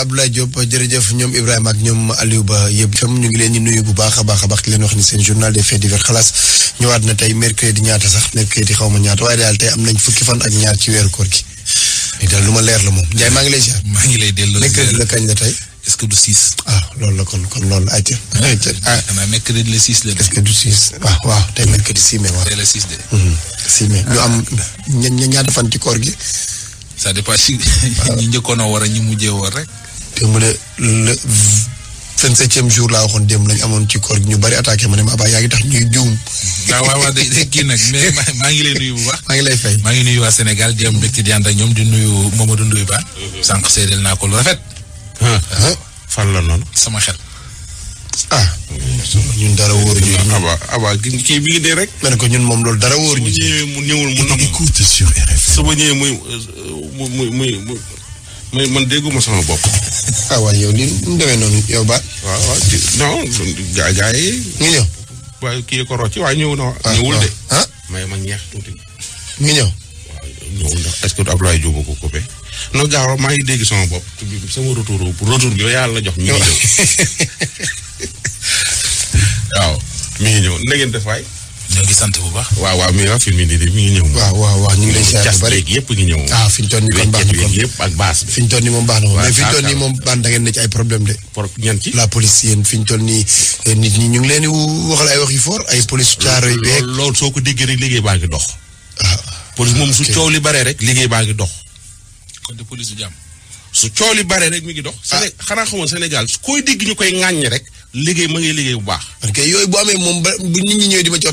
Abdoulaye Diop jërëjëf ñoom Ibrahima ak ñoom Aliou Ba yëpp itam ñu ngi leen di nuyu bu baax a baax a baax di leen wax ni seen journal des faits divers xalaas ñëwaat na tey mercredi ñaata sax mercredi xaw ma ñaata waaye daal weeru koor ma leer la moom Ndiaye maa ngi lay ziar. lay delloo mercredi la kañ la tey. est-ce que du 6. ah loolu la kon kon loolu la ayca. Ah, ah xanaa mercredi le 6 la. est-ce que du ah, hmm, ah. ñaata fan ci koor gi. ça dépend si ñi njëkkoon a war a ñi mujjee woon rek. démb de le vingt septième jour laa waxoon démb lañ amoon ci koor ñu bari attaqué ma ne ma abaa yaa ngi tax ñuy juum. waaw waaw day kii nag mais maa ngi lay nuyu bu baax. maa ngi lay fay maa ngi nuyu waa Sénégal di am mbégte di ànd ak ñoom di nuyu Mamadou Ndoye Ba. sànq séedal naa ko lu rafet. Ah, ah. fan la noonu sama xel. ah. ñun dara wóor ñu. aba ah, ah, ah, aba kii bi ngi dee rek. ma ne ko ñun moom loolu dara wóor ñu. su ma ñëwul mu nam. écoute sur su ma ñëwee muy muy muy muy man dégguma sama bopp. ah waaye yow li mu noonu yow ba. waaw waaw non gaa ñëw. waaye kii ko ci waaye ñëw na. waaw ñëwul de. ah may ma ñeex tuuti. nga ñëw. ñëwul ndax est-ce que Abdoulaye Diop ko coupé. non maa ngi dégg sama bopp. sama retour retour bi yow jox ñu waaw mu ngi ñëw na ngeen def waay. ñu ngi sant bu baax. waaw waaw mi ngi ñëw. waaw waaw waaw ñu ngi lay siyaar bu bari ñëw. ah fi ñu toll nii kon baax na kon yëpp ak baas bi. fi ñu toll nii moom baax na moom toll nii moom baax da ngeen ne ci ay problème de. por ñan ci la toll nii nit ñi ñu ngi leen di la ay wax yu fort ay police caaro yi beeg. loolu soo ko déggee rek liggéey baa ngi dox. ah moom su coow li baree rek. liggéey baa ngi dox. kon de police du su coow li baree rek mi ngi dox. ah xanaa xamoon Sénégal su koy dégg ñu koy ŋàññi rek liggéey ma ngi liggéey bu baax. ok yooyu bu amee moom ba bu nit ñi ñëwee di ma ci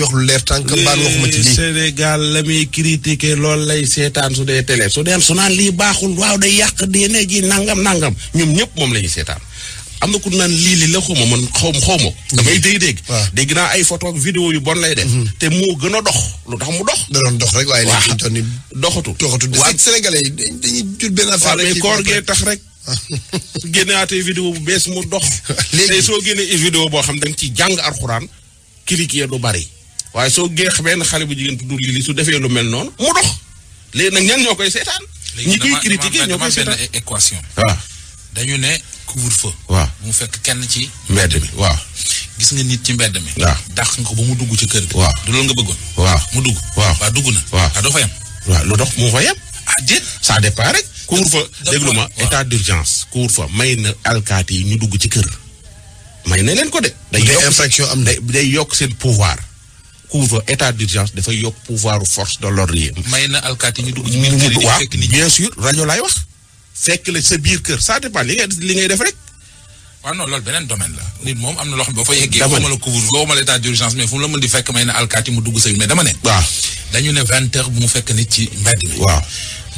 wax lu leer tànk mbaan waxuma ci Sénégal la muy critiqué loolu lay seetaan su dee télé su dee su naan lii baaxul waaw day yàq diine ji nangam ñoom ñëpp moom la ñuy am na ku naan lii li la xaw ma man xaw ma xaw ma. damay dégg-dégg. dégg naa ay photo ak vidéo yu bon lay def. Mhm. te moo gën a dox lu tax mu dox. da doon dox rek waaye léegi ñu doxatul. doxatul waaw Sénégalais yi dañuy jur benn affaire rek koor gee tax rek. génne waatee vidéo bu bees mu dox. léegi soo génnee vidéo boo xam da nga ciy jàng alxuraan clic lu bari waaye soo géex benn xale bu jigéen tudd lii su defee lu mel noonu mu dox léegi nag ñan ñoo koy seetaan. ñi koy critiquer ñoo koy seetaan benn équation. dañu ne couvre waa mu fekk kenn ci. mbedd mi waa gis nga nit ci mbedd mi. waa dàq nga ko ba mu dugg ci kër gi. waaw du loolu nga bëgg waaw mu dugg. waaw dugg na. waaw doo fa yem. waaw lu dox mu fa yem. ah déet ça dépend couvre-feu état d'urgence couvre mayna alkat yi ñu dugg ci kër mayna na leen ko dé day infraction am day day yokk seen pouvoir couvre état d'urgence da dafay yok pouvoir force de l'ordre yi may na yi ñu dugg ci biir kër fekk ni bien sûr radio lay wax fekk le sa bir kër ça dépend li ngay li ngay def rek waaw non lol beneen domaine la nit mom amna na ba fa yeggé waxuma la couvre waxuma la état d'urgence mais fu mu la mën di fekk mayna alkat yi mu dugg sa mais dama né wa dañu né 20h bu mu fekk nit ci mbedd wa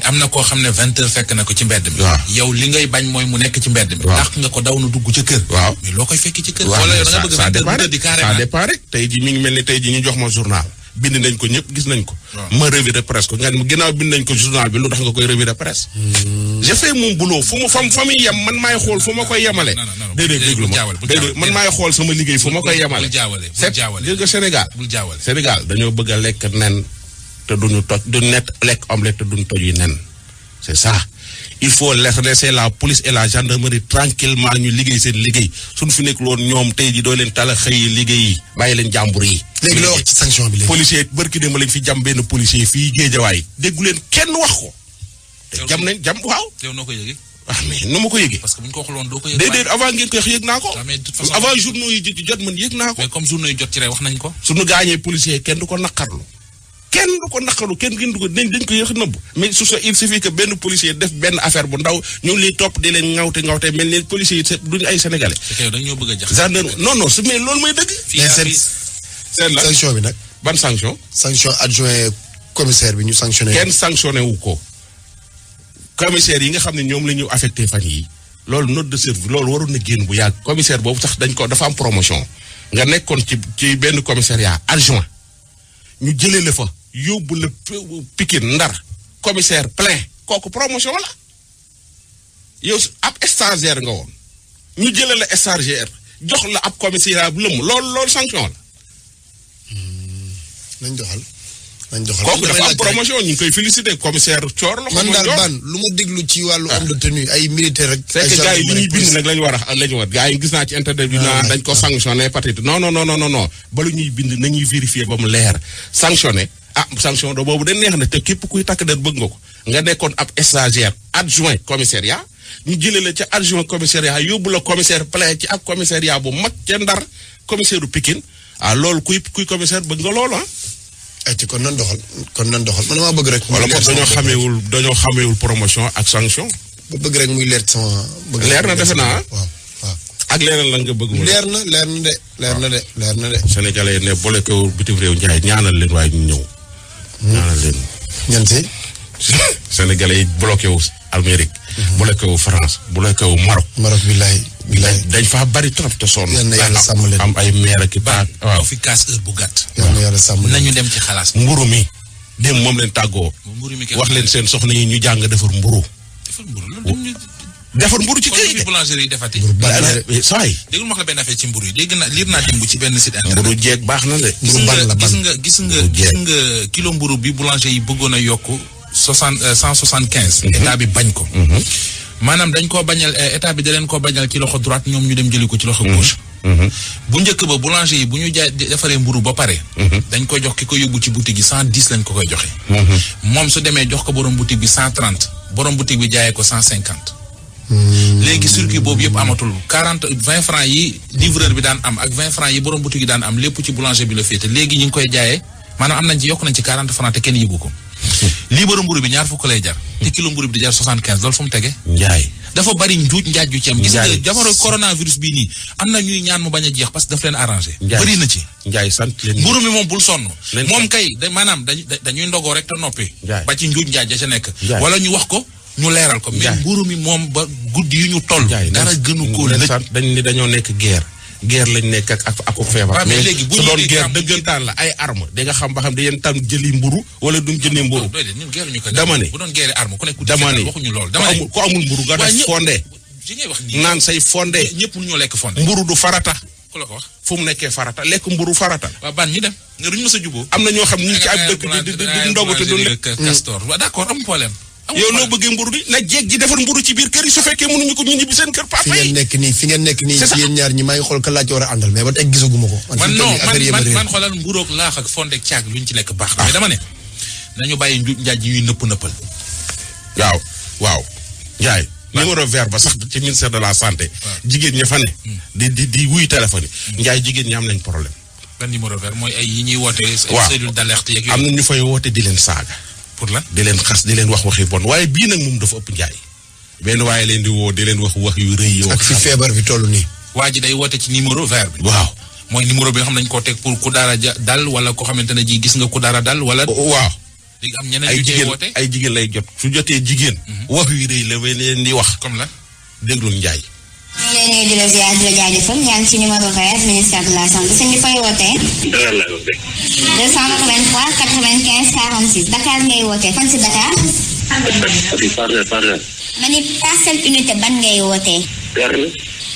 am na koo xam ne vingt heures fekk na ko ci mbedd mi. waaw yow li ngay bañ mooy mu nekk ci mbedd mi. waaw nga ko daw na dugg ca kër. waaw mais loo koy fekki ci kër. wala yow rek tey ji mi ngi mel ni tey ji ñu jox ma journal. bind nañ ko gis nañ ko. ma revue de presse ko nga ne ginnaaw bind nañ ko journal bi lu tax nga koy revue de presse. Hmm. je fais mon boulot fu mu fam fa muy yem man maay xool fu ma koy yemale. déedéet déglu ma déedéet man maay xool sama liggéey fu ma koy yemale. bul jaawale bul Sénégal. Sénégal dañoo bëgg a lekk nen te duñu toj du net lek omelette te duñu toj yi nen c'est ça il faut laisser la police et la gendarmerie tranquillement ñu liggéey seen liggéey suñ fi nek loon ñom tay ji do leen tala xey yi liggéey yi bàyyi leen jambour yi légui loo ci sanction bi légui policier barki dem lañ fi jam ben policier fi géejawaay déggu leen kenn wax ko jam nañ jam waaw yow noko ko ah mais numu ko yëgee. parce que buñ ñu ko waxuloon do ko yëg. déedéet avant ngeen koy wax yëg ko. Ah, avant journaux yi jot man yëg naa ko. mais comme journaux yi jot ci rek wax nañ ko. suñu gañé policier kenn du ko naqarlu kenn du ko naqaru kenn gën du ko dañ dañ ko yéex nëbb mais su sa il suffit que benn policier def benn affaire bu ndaw ñu ngi liy topp di leen ŋawte ŋawte mel ni policier yi duñu ay sénégalais. gendarme non non sanction bi nag. ban sanction. sanction adjoint commissaire bi ñu sanctionné. kenn sanctionné wu ko. commissaire yi nga xam ne ñoom la ñu affecté fan yi loolu note de service loolu waroon na génn bu yàgg. commissaire boobu sax dañ ko dafa am promotion. nga nekkoon ci ci benn commissariat adjoint ñu jëlee la fa. yóbbu la Pikine Ndar commissaire plein kooku promotion la yow ab stagiaire nga woon ñu jëlee la stagiaire jox la ab commissaire bu lëmm loolu lool sanction la. Hmm. nañ doxal nañ doxal. kooku dafa am promotion ñu ngi koy félicité commissaire Thior la. man daal lu mu déglu ci wàllu homme de tenue ay militaire rek. ay gars yi li ñuy bind nag lañu war a lañu war gars yi gis naa ci internet bi ah, naan dañ ko sanctionné peut-être non non non non non balu ñuy bind nañuy vérifier ba mu leer sanctionné. ah sanction do bobu da neex na te kep kuy tak der bëgg nga nekkon ab stagiaire adjoint commissariat ni jëlee la ci adjoint commissariat yobul la commissaire plein ci ak commissariat bu mag ci ndar commissaire u Pikine ah loolu kuy kuy commissaire bëgg nga loolu ah eh, ci kon nan doxal kon nan doxal man ma bëgg rek. wala moom dañoo xamewul dañoo xamewul promotion ak sanction. ba bëgg rek muy leer sama. bëgg leer na defena ak leeral la nga bëgg. leer na leer na de leer na de leer na de. Sénégalais né bolé ko bitim réew ñay ñaanal leen way ñu ñëw. ñaanal leen. ñan si. Sénégalais yi bloqué wu Amérique. Mhm. bloqué wu France bloqué wu Maroc. Maroc billaay. billaay dañ faa bari trop te sonn. yal na yàlla sàmm am ay maire ak i baax. waaw fi kaas bu gàtt. yal na yàlla sàmm leen nañu dem ci xalaas. mburu mi dem moom leen tàggoo. wax leen seen soxna yi ñu jàng defar mburu. defar mburu defar mburu ci kër yi de boulangerie yi defati. saa yi. dégg nga wax la benn affaire ci mburu yi dégg naa liir naa démb ci benn site internet. mburu jeeg baax na de. mburu ban la gis nga gis nga gis nga kilo mburu bi boulanger yi bëggoon a yokk soixante euh, cent soixante quinze. Mhm. état bi bañ ko. Mhm. maanaam dañ koo bañal euh, état bi da leen koo bañal ci loxo droite ñoom ñu dem jëli ko ci loxo mhm. gauche. bu njëkk ba boulanger yi bu ñu jaay defaree mburu ba pare. dañ koy jox ki ko yóbbu ci boutique yi cent dix lañ ko koy joxe. moom su demee jox ko borom boutique bi cent borom boutique bi jaayee ko cent cinquante Hmm. léegi circuit boobu yëpp amatul quarante vingt franc yi livreur bi daan am ak vingt franc yi borom boutique daan am lépp ci boulanger bi la féete léegi ñu ngi koy jaayee maanaam am nañ ci yokk nañ ci quarante franc te kenn yëgu ko lii borom mburu bi ñaar fukk lay jar te kilo mburu bi di jar soixante quinze loolu fu mu tege njaay dafa bari njuuj njaaj ju ci am gis nga jamono coronavirus bii a jeex parce que bari na ci mburu mi moom bul sonn moom kay maanaam dañuy ndogoo rek te noppi ba ci njuuj njaaj ja ca nekk wala ñu wax ko ñu leeral ko. mais mburu mi moom ba guddi yu ñu toll. dara gënu ko lëkk dañ ni dañoo nekk guerre. guerre lañ nekk ak ak ak feebar. mais léegi bu doon guerre dëggantaan la ay arme di nga xam ba xam da ngeen tam jëli mburu wala duñ jëli mburu. dama ne bu doon guerre arme ku nekk dama ne ku amul mburu nga def fondé. naan say fonde ñëpp ñoo lekk fondé. mburu du farata. ku la wax fu mu nekkee farata lekk mburu farata. ban ñi dem nga duñ mës a juboo. am na ñoo xam ñu ci ab dëkk di di di ndogu te duñ lekk castor am problème yow lo bëggee mburu di na jéeg ji defar mburu ci biir kër yi su fekkee mënuñu ko ñu ñibi seen kër papa yi fi nekk ni fi ngeen nekk nii ci yéen ñaar ñi maa ngi xool ka laaj war a àndal mais ba tey gisaguma ko man non man man xoolal mburoog laax ak fonde caag luñ ci lekk baax mais dama ne nañu bàyyi njuuj njaaj yi nëpp nëppal waaw waaw njaay numéro vert ba sax ci ministère de la santé jigéen ñi fa ne hmm. di di di wuy téléphone yi hmm. njaay jigéen ñi am nañ problème ben numéro vert mooy ay yi ñuy woote cellule d'alerte yeeg am na ñu fay woote di leen saaga pour la di leen xas di leen wax waxi bon waaye bii nag moom dafa ëpp njaay. benn waaye leen di woo di leen wax wax yu rëy yoo. ak fi feebar bi toll nii. waa ji day woote ci numéro vert bi. waaw mooy numéro bi nga xam nañ koo teg pour ku dara ja dal wala koo xamante ne ji gis nga ku dara dal wala. waaw. léegi am ñeneen yu cee woote ay jigéen ay jigéen lay jot. su jotee jigéen. Mhm. wax yu rëy la leen di wax. comme la déglul njaay. maa ngi lay nuyu di la ziar di la jaajëfal yaa ngi ci numéro vert ministère de la santé sëñ bi fay wootee. 283 95 46 Dakar ngay wootee fan si Dakar. ma ni parcelle unité ban ngay wootee.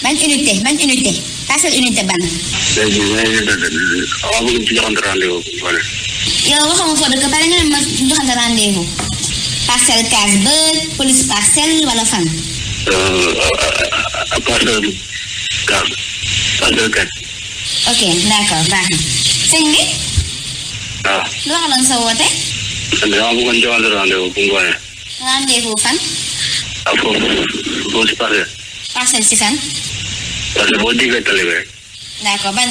ban unité ban unité parcelle unité ban. yow waxuma foo dëkk pare nga ne ma joxante rendez-vous. parcelle case ba police parcelle wala fan. Eh, apa gam oke d'accord baax na lu wax kan ya. lan sa woote dama bëggoon jalan rendez-vous bu ngoone rendez-vous fan ah foofu foofu si parcelle parcelle si fan parcelle boo diggee tali bi d'accord ban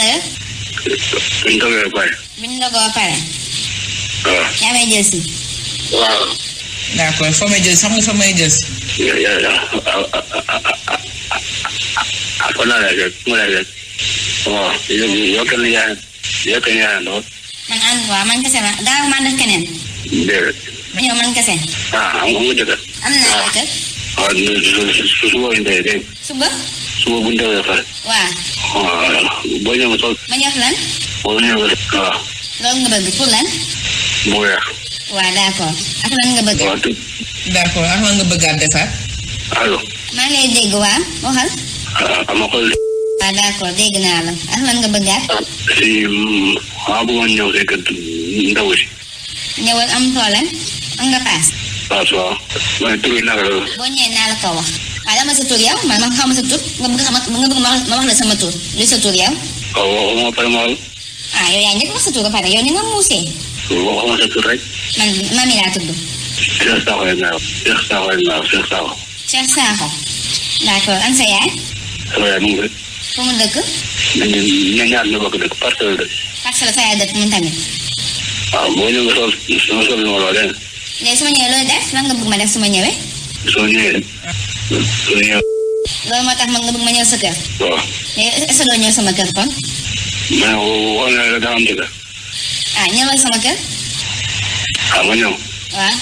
d' accord fa may jël sax nga fa may jël. man ànd waaw man kese la daaw maa def keneen. déedéet. yow man kese. ah am nga jëkkër. am naa jëkkër. waaw su suba bu ñu demee dégg suba. suba bu ñu demee fële. waaw. waaw boo ñëwee ma toog. ma ñëw lan. boo ñëwee waaw. loolu nga bëgg pour lan. mu weex. waaw d'accord ak lan nga bëgg. d'accord ak lan nga bëggaat defaat. allo. maa ngi lay dégg waa waxal. Ah, ama xool. waaw ah, d'accord dégg naa la ak ah, si maa bëggoon ñëw si kër ndaw si. ñëwal am problème am nga paas. paas waaw. man tur yi naka la. naa la ko wax. waaw dama sa tur yow man man xaw ma sa tur nga nga bëgg ma sa tur yow. waaw waaw ma pare ma. ah yow yaa njëkk wax pare yow ni nga muusee. waxuma sa tur man mami laa tudd. Cheikh Sakho lañ naaw Cheikh Sakho lañ naaw Cheikh Sakho. am sa yaay. sama yaay mu ngi dëkk. ñu ñaar ñu bokk dëkk parcelle la dëkk. parcelle sa dëkk moom tamit. waaw boo ñëwee nga sol sama sol ma loo leen. léegi su nga bëgg ma def su ma ñëwee. soo ñëwee. loolu moo tax man nga bëgg ma ñëw sa kër. waaw. mais est-ce que ñëw sama kër kon. mais woo naa daa am dëgg. ah ñëwal sama kër. ah ma ñëw. waaw.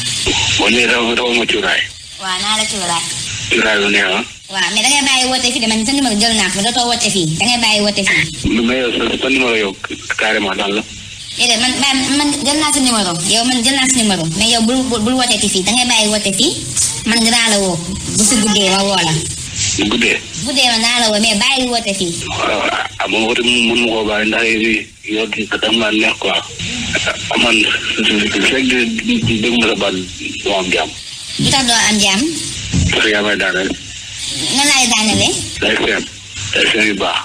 boo ñëwee dafa dafa ma cuuraay. waaw naa la cuuraay. cuuraay lu neex ah. waaw mais da ngay bàyyi woote fii de man sa numéro jël naa ko dootoo woote fii da ngay bàyyi woote fii. mais yow sa numéro yow carrément daal la. déedéet man man jël naa sa numéro yow man jël naa sa numéro mais yow bul bul wootee fii da ngay bàyyi woote fii man dinaa la woo bu si guddee ma woo la. bu guddee. bu guddee man naa la woo mais bàyyi woote fii. waaw ah ma woote mun ma koo bàyyi ndax yow da nga neex quoi. man fekk dégg ma sa ba doo am jàmm. lu tax doo am jàmm. parce que yaa may daaneel. nan laay daanelee. day seen day seen yu baax.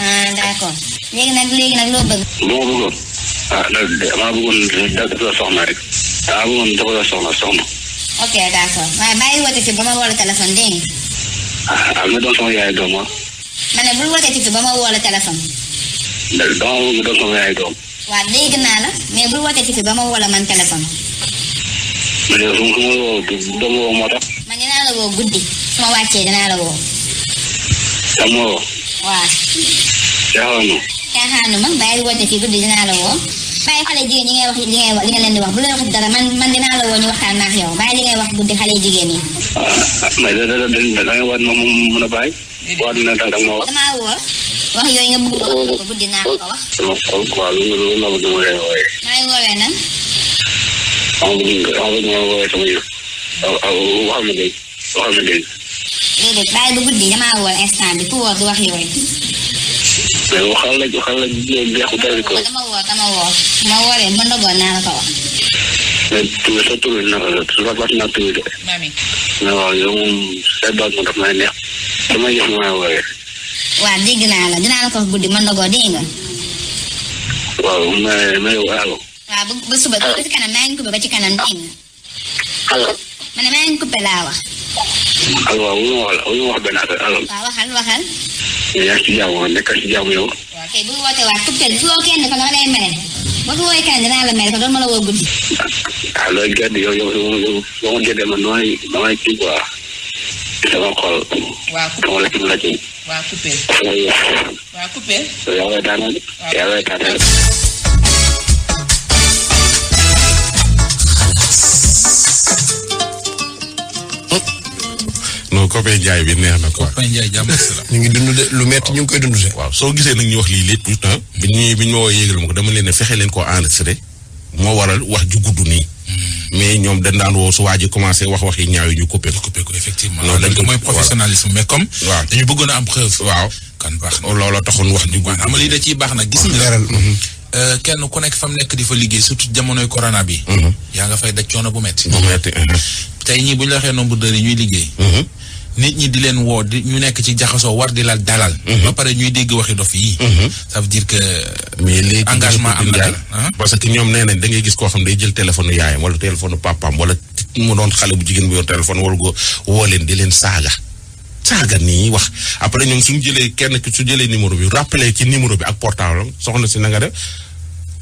ah d'accord léegi nag léegi nag loo bëgg. lu ma bëggoon. ah damaa bëggoon dafa soxna rek. damaa bëggoon dafa soxna soxna. ok d'accord waaye bàyyi woote fii ba ma woo la téléphone ah am na doon sama yaay doom ah. ma bul wootee Tito ba ma woo la téléphone. ndax doom sama yaay doom. waaw dégg naa la mais bul wootee Tito ba ma woo man téléphone. ma ne la woo guddi su wàccee dinaa la woo. dama woo. waaw. jaaxal ma. jaaxal ma bàyyi wootee ci guddi dinaa la woo. bàyyi xale jigéen ñi ngay wax li ngay wax li nga leen di wax bu leen wax dara man man dinaa la woo ñu waxtaan naak yow bàyyi li ngay wax bunti xale jigéen yi mais da da da nga war ma mën a bàyyi war na da ma wax damaa woo wax yooyu nga bëgg ko buddi naa ko wax sama xol quoi lu nga loolu la ma dama lay wooye maa ngi woowee nan am bëgg am bëgg ma wooye sama yëf waxal ma dégg waxal ma dégg déedéet bàyyi bu guddi damaa woo instant bi ku woo du wax yooyu yow xam nañ xam nañ jeexu dara ko. dama woo dama woo ma wooree mën na boon naa la ko wax. mais tur sa tur na rafet na tur de. mais waaw yow moom sa doot ma daf may neex dama yëf ma wooree. waaw dégg naa la dinaa la ko guddi mën na koo dégg nga. waaw mais mais waaw. waaw bu bu suba ba ci kanam maa ngi coupé ba ci kanam dégg nga. alors. ma ne maa ngi coupé laa wax. alors waaw wu ma wax la wu ma wax benn affaire alors. waaw waxal waxal. yaa ngi ci jàmm nekkal ci jàmm yow. waaw kay bu wootee waat ku teel bu kenn kon dama lay mere boo ko woowee kenn dinaa la mere kon doon ma la woo guddi. ah loolu gerte yow yow yow boo ma déggee man damay damay kii quoi sama xol. waaw sama la ci la ci. waaw coupé. waaw coupé. yow yaa ngi tànnal yow yaa ngi tànnal. non copain Ndiaye bi neex na quoi. copain Ndiaye jàmm ñu ngi dund de lu soo gisee nag ñu wax lii lépp pourtant. Ah, bi ñu bi fexe leen koo moo waral wax ju gudd hmm. mais ñoom dañ daan woo su waa ji commencé wax wax yi ñaaw ñu coupé ko. coupé ko effectivement. non dañ ko mooy professionnalisme mais comme. dañu bëggoon a am preuve. waaw kan baax na wax ju gudd. am lii da ciy baax nag gis nga. Mm-hmm. Euh, kenn ku nekk fa mu nekk di fa liggéey surtout jamonoy corona bi. Mm-hmm. yaa nga fay daj coono bu métti. bu métti. Mm-hmm. tey ñii bu ñu la waxee nombre yi ñuy liggéey nit ñi di leen woo di ñu nekk ci jaxasoo war di la dalal. Mhm. ba pare ñuy dégg waxi dof yi. Mhm. ça veut que. mais léegi engagement am na dara parce que ñoom nee nañ da ngay gis koo xam day jël téléphone yaayam wala téléphone papaam wala mu doon bu jigéen bu yor téléphone wala go woo leen di leen saaga. saaga nii wax après ñoom suñu jëlee kenn su jëlee numéro bi rappelé ci numéro bi ak portable soxna si na nga def.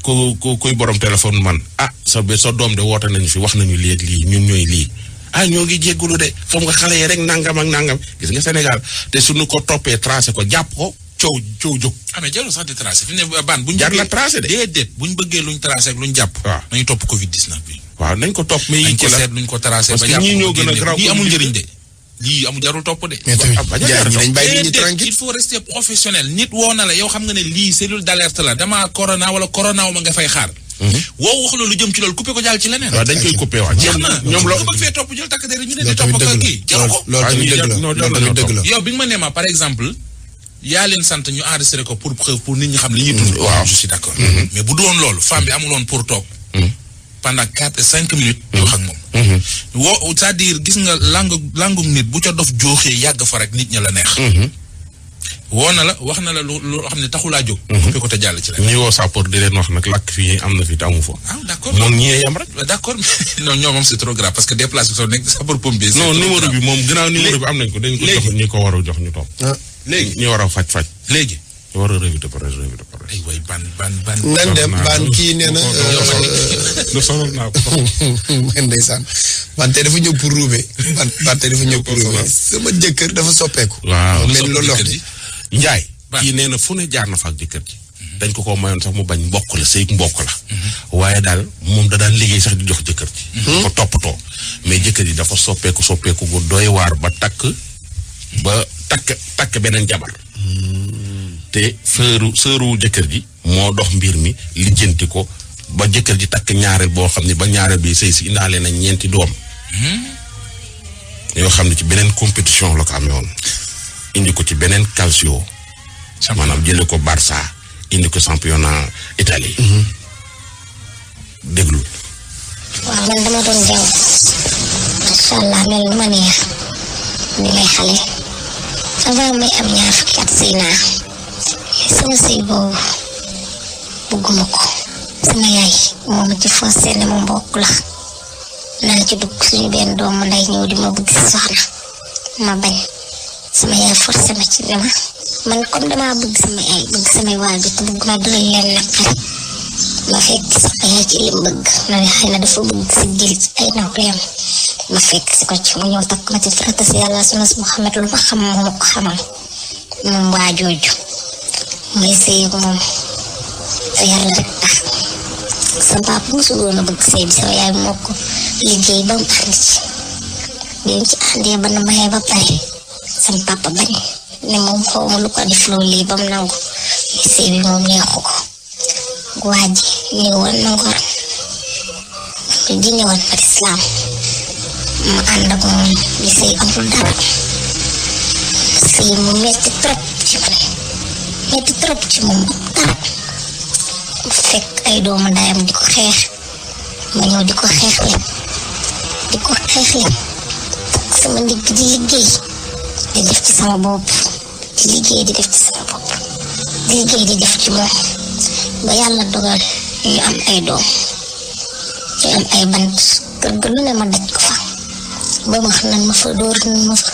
ku borom téléphone man ah sa doom de woote nañu fi wax nañu lii ak lii ñun ñooy lii. ah ñoo ngi jéggulu de foog nga xalé rek nangam ak nangam gis nga Sénégal té suñu ko topé tracé ko japp ko ciow ciow juk amé ah, mais sax di tracé fi né ban buñu jàr la tracé de dé buñu bëggé luñu tracé ak luñu japp nañu Covid 19 bi. waaw nañ ko top mais yi ko la nañ ko seet ba jàpp ñii ñoo gëna graw yi amul jëriñ de. lii amul jarul top de. il faut rester professionnel nit wo na la yow xam nga ne li cellule d'alerte la dama corona wala corona ma nga fay xaar Mhm. woo wax la lu jëm ci loolu coupé ko jàll ci leneen. waaw dañ koy coupé waaw jeex na ñoom loo bëgg fee topp jël takk der ñu ne di topp ak kii jaru loolu dëgg la yow bi nga ma sant ñu enregistré ko pour pour nit ñi xam li ñuy dund mhm. waaw mhm. mais bu doon loolu femme bi amuloon pour toog pendant quatre et cinq minutes di wax ak moom woo c'est-à-dire gis nga langue langue nit bu ca dof jooxee yàgg fa rek nit ña la neex woo na la wax na la lu loo xam ne taxulaa jóg. Mhm. fi ko te jàll ci la. ñi woo sapeur di leen wax nag làkk fii am na fi te amu fa. ah d' accord noonu ñi yam rek. Ah, d' accord non ñoom moom c' est trop grave parce que déplacé soo nekk sapeur pompier. non numéro bi moom gannaaw numéro bi am nañ ko dañ ko jox ñi ko war a jox ñu topp. Ah. léegi ñu war a faj faj. léegi. war a revue de presse revue de presse. aywa ban ban ban. nan dem ban kii nee na. lu sonal euh, naa ko. man ndeysaan ban tey dafa ñëw pour ruube. ban ban tey dafa ñëw pour ruube. sama jëkkër dafa soppeeku. waaw mel loolu wax Njaay kii nee na fu ne jaar na fa ak jëkkër ji dañ ko koo mayoon sax mu bañ mbokk la sëy mbokk la waaye daal moom da daal liggéey sax di jox jëkkër ji ko toppatoo mais jëkkër ji dafa soppeeku soppeeku gu doy waar ba takk ba takk beneen jabar te sëru sëru jëkkër ji moo dox mbir mi lijjanti ko ba jëkkër ji takk ñaareel boo xam ne ba ñaareel bi sëy si indaale na ñeenti doom hmm? yoo xam ne ci beneen compétition la ko amee woon indi ko ci beneen calcio. maanaam jële ko Barça indi ko championnat Italie. Mhm. déglu. waaw man dama doon jàng macha allah may am ñaar fukki at sëy naa sama boobu bëgguma ko sama yaay moom ci forcé ne ma mbokk la naa ci dugg suñu benn doomu nday ñëw di ma bëgg si soxna ma bañ sama yaay forcé ma ci dama man comme dama bëgg sama yaay bëgg samay waajur te bëgg ma du leen naqari ma fekk sama yaay ci lim bëgg ma ne xëy na dafa ci ma fekk si ko ci mu ñëw takk ma ci farata si yàlla sunu Muhammad lu ma xam moom ko xamal moom waa jooju may sëy moom yàlla rek tax sama papa mosul woon a bëgg sëy bi sama yaay moo ko liggéey ba mu ànd ci bi ci àndee ba na mayee ba pare sama papa bañ ne moom xaw ma lu ko def loolu lii ba mu nangu sëy bi moom neexu ko waa ji ñëwoon na ngor ji ñëwoon par islam mu metti trop ci ko metti trop ci moom dara fekk ay doomu ndayam di ko xeex ma ñëw di ko xeex leen di ko xeex leen sama ndigg di liggéey di def ci sama bob, di liggéey di def ci sama bob, di liggéey di def ci moom ba yàlla dogal ñu am ay doom ñu am ay bant kër ga lu ne ma daj ko fa ba ma xam nan ma fa dóor nan ma fa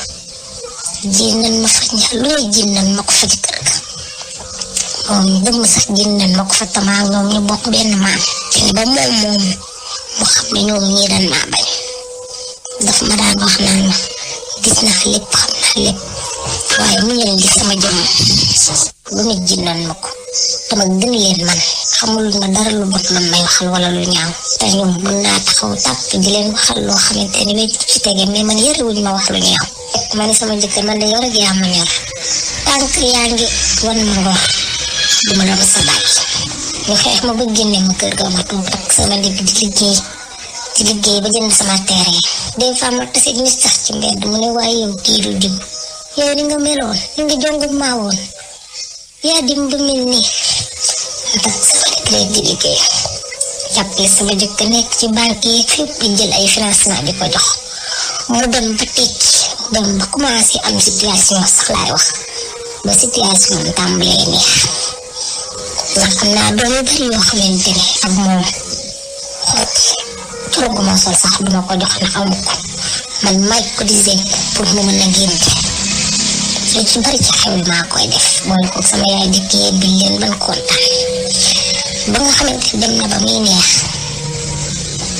jiin nan ma fa ñax lu ne jiin ma ko fa ci kër ga moom dëgg sax jiin ma ko fa tamaa ñoom ñu bokk benn maam ba moom moom mu xam ne ñoom ñii dan maa bañ daf ma daan wax naan ma gis naa lépp xam lépp waaye mu ngi leen gis sama jëmm lu ne jinnan ma ko dama gën leen man xamul ma dara lu bon man may waxal wala lu ñaaw te ñoom mën naa taxaw tàpp di leen waxal loo xamante ni wéy ci tege mais man yarewuñ ma wax lu ñaaw ma ne sama jëkkër man de yow rek yaa ma ñor tànk yaa ngi wan ma ngor du ma la a ñu xeex ma ba génne ma kër ga ma toog ak sama ndig di liggéey ci liggéey ba jënd sama materi. des fois ma tase nit sax ci mbedd mu ne waaye yow kii du diw yow ni ya, nga meloon ni nga jongub maa woon yaa dim ba mel nii ndax sama rek lay di liggéey jàppale sama jëkk nekk ci banque yi di jël ay financement di ko jox mu dem ba tekki dem ba commencé am situation sax laay wax ba situation tàmbalee neex ndax am naa doom képp ku ma sol sax du ma ko jox ndax amu ko man may cotisé pour mu mën a génn lu ci bari ci xew maa koy def boole koog sama yaay dikkee bi leen ban kontaan ba nga xamante dem na ba muy neex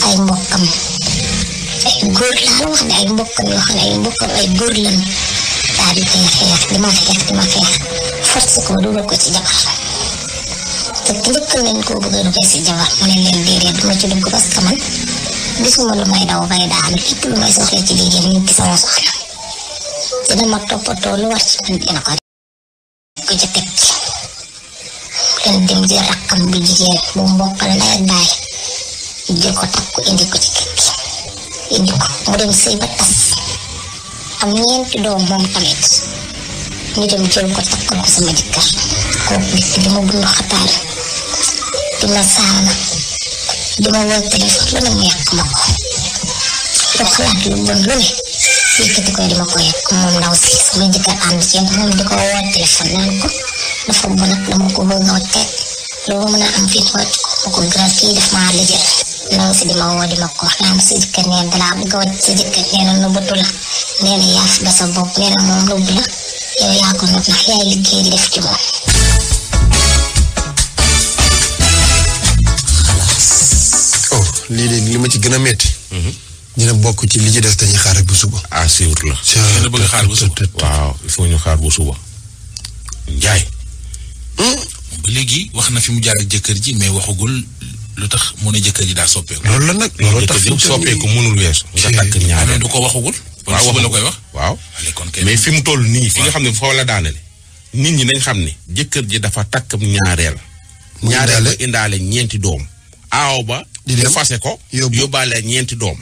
ay mbokkam ay góor laa la wax ne ay mbokkam yoo xam ne ay mbokkam ay góor lan daal di koy xeex di ma xeex di ma xeex force ko dugal ko ci jabar te njëkk nañ koo bëgg a dugal si jabar mu ne leen déedéet du ma ci dugg parce que man bisu lu may daw bay daan lépp may sosee ci liggéey nit sama soxna dina ma toppatoo lu war ci man ko ko ca teg ci leen dem jël rakkam ko takku indi ko ci kër ko mu dem sëy ba tas am ñeenti tamit ñu dem jël ko takkal ko sama di dama woote def lu ne mu yàq ma ko lu bon ko yàq moom ndaw si sama jëkkër ànd ci moom di ko woo téléphone naan ko ko bëgg a teg loolu kii def maa lijjal ndaw si di ma woo di ma ko wax naan sa jëkkër neen dalaa bëgg a wàcc sa nee na nëbbatu la nee na yaa fi ba sa bopp nee na moom nëbb la def ci moom lii de li ma ci gën a métti. Mhm. ne bokk ci li ci des dañuy xaar bu suba. ah la. dina xaar bu suba. waaw il ñu xaar bu suba. Ndiaye. Hmm? léegi wax na fi mu jaar jëkkër ji mais waxagul lu tax mu ne jëkkër ji daa soppeeku. loolu la nag loolu tax soppeeku mënul weesu. nga takk ñaareel ah, du ko waxagul. waaw la koy wax. waaw mais fi mu toll nii. fi nga xam ne foo la daanale. nit ñi nañ xam ne. jëkkër ji dafa takk ñaareel. ñaareel ba indaale ñeenti doom. aaw ñu fase ko yóbbaale ñeenti doom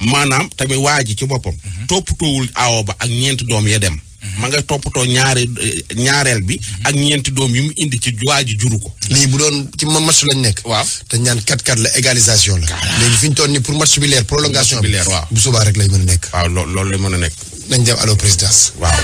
maanaam tamit waa ji ci boppam mhm. toppatoowul aawo ba ak ñeenti doom ya dem mhm. man nga toppatoo ñaari eh, ñaareel bi mhm. ak ñeenti doom yi mu indi ci waa ji juru ko lii bu doon ci ma match lañ nekk waaw te ñaan kat kat la égalisation la léegi fi ñu toon ni pour match bi leer prolongation bi leer waaw bu subaa rek lay mën a nekk waaw loolu lay mën nekk nañ dem allo présidence waaw